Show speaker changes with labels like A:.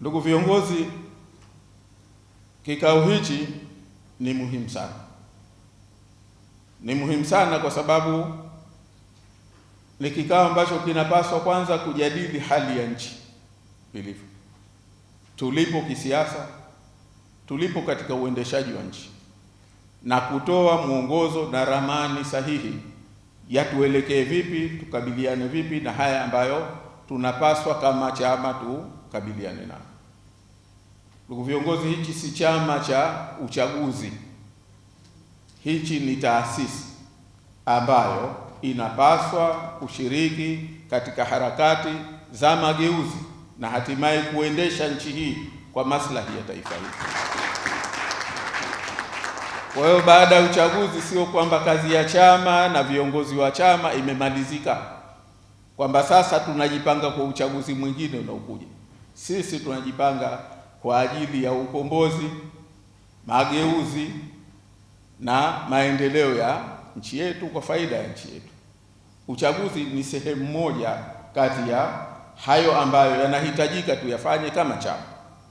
A: Ndugu viongozi, kikao hichi ni muhimu sana, ni muhimu sana kwa sababu ni kikao ambacho kinapaswa kwanza kujadili hali ya nchi ilivyo, tulipo kisiasa, tulipo katika uendeshaji wa nchi na kutoa mwongozo na ramani sahihi ya tuelekee vipi, tukabiliane vipi na haya ambayo tunapaswa kama chama tu ukabiliane nao. Ndugu viongozi, hichi si chama cha uchaguzi, hichi ni taasisi ambayo inapaswa kushiriki katika harakati za mageuzi na hatimaye kuendesha nchi hii kwa maslahi ya taifa hili. Kwa hiyo baada ya uchaguzi, sio kwamba kazi ya chama na viongozi wa chama imemalizika, kwamba sasa tunajipanga kwa uchaguzi mwingine unaokuja sisi tunajipanga kwa ajili ya ukombozi, mageuzi na maendeleo ya nchi yetu kwa faida ya nchi yetu. Uchaguzi ni sehemu moja kati ya hayo ambayo yanahitajika tuyafanye kama chama.